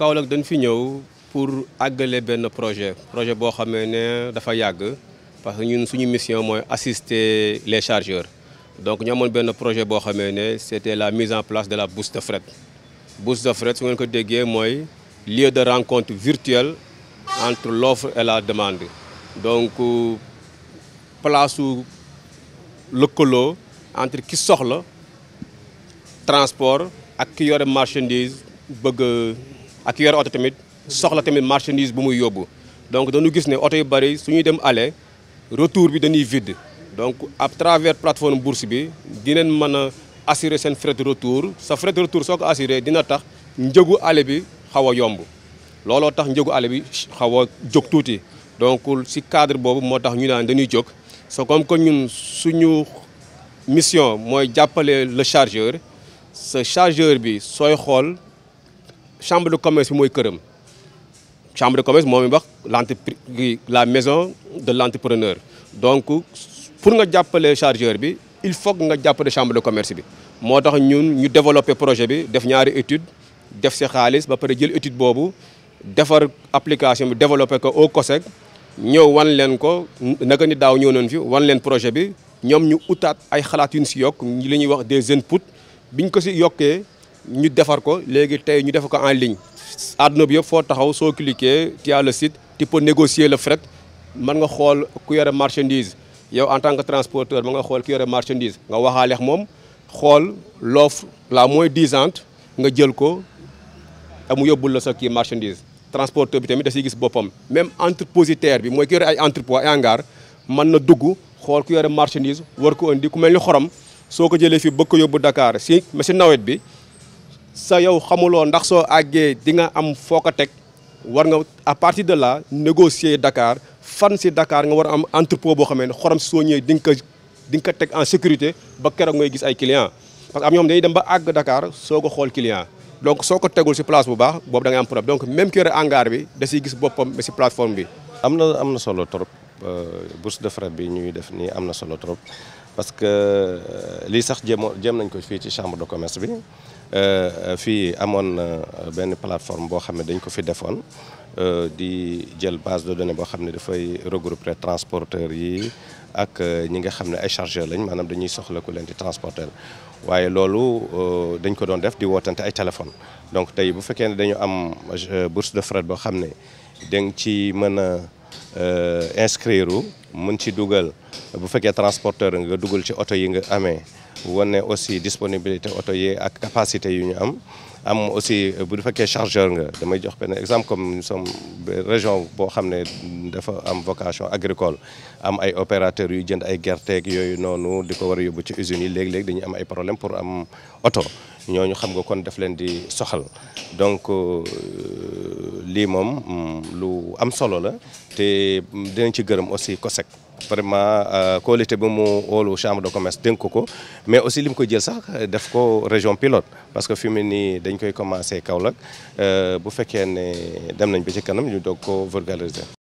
Kaolack dañ fi ñëw pour aggalé ben projet projet bo xamé né dafa Yag, parce que ñun suñu mission moy assister les chargeurs donc ñu amoon projet qui xamé né c'était la mise en place de la bourse de fret bourse de fret su ngeen ko déggé lieu de rencontre virtuel entre l'offre et la demande donc euh, place où le colo entre ki soxla transport ak ki yore marchandise bëgg ak yor oto tamit soxla tamit marchandise bu muy yobbu donc dañu gis ne auto yu bari suñu dem aller retour bi dañuy vide donc à travers plateforme bourse bi dinañ mën a assurer seen frais de retour sa frais de retour soo ko assuré dina tax njëgu aller bi xaw a yomb looloo tax njëgu aller bi xaw a jóg tuuti donc si cadre boobu moo tax ñu naan dañuy jóg so comme que ñun suñu mission mooy jàppale le chargeur ce chargeur bi sooy xool chambre de commerce bi mooy chambre de commerce momi wax l'entreprise la maison de l'entrepreneur donc pour nga jappelé chargeur bi il faut que nga jàppale chambre de commerce bi motax ñun ñu développer projet bi def ñaari étude def si xaliss ba paré jël étude bobu application bi développer ko au COSEC ñew wan len ko naka ni daw ñëw non fi wan len projet bi ñom ñu outat ay xalaat yu ñu si yokk wax des inputs biñ ko si yoké ñu defar ko léegi tey ñu def ko en ligne àdduna bi yëpp foo taxaw soo cliquer tu as le site tu peux négocier le fret mën nga xool ku yore marchandise yow en tant que transporteur mën nga xool ku yore marchandise nga waxaaleex mom, xool l'offre la moins disante nga jël ko amu yóbbul la sa kii marchandise transporteur bi tamit da siy gis boppam même entrepositaire bi moi qui yore ay entrepôt et hangar mën na dugg xool ku yore marchandise war ko dit ku le ni xorom que j'ai les fii bëgg ko yóbbu Dakar si si nawet bi sa à partir de là négocier Dakar fan Dakar nga war am entrepôt de xoram en sécurité ba vous ngay gis ay clients parce que am ñom day dem ba Dakar soko xol client donc soko tégul ci place bu baax boobu da am problème donc même bi da gis si plateforme bi. en solo trop euh, bourse de frais bi ñuy def parce que lii sax jéem jéem nañ ko fii ci chambre de commerce bi fii amoon na benn plateforme boo xam ne dañ ko fi defoon di jël base de données boo xam ne dafay regrouper transporteurs yi ak ñi nga xam ne ay chargeurs lañ maanaam dañuy soxla ku leen di transporter waaye loolu dañ ko doon def di wootante ay téléphone donc tey bu fekkee ne dañu am bourse de fret boo xam ne danga ci mën a Euh, inscrire mën ci dugal bu fekkee transporteur nga dugal ci oto yi nga amee wane aussi disponibilité oto yi ak capacité yu ñu am am aussi euh, bu du fekkee chargeur nga damay jox benn exemple comme nous région boo xam ne dafa am vocation agricole am ay opérateurs yu jënd ay gerte gerteeg yooyu noonu di ko war a yóbbu ci usines yi léegi-léegi dañu am ay problème pour am oto ñu xam nga kon daf leen di soxal donc euh, lii moom mm, lu am solo la te mm, dinañ ci gërëm aussi COSEC vraiment euh, qualité bi mu oolu chambre de commerce dénk ko ko mais aussi li mu ko jël sax def ko région pilote parce que fi mu nii dañ koy commencé Kaolack euh, bu fekkee ne dem nañ ba ci kanam ñu doog ko vulgariser.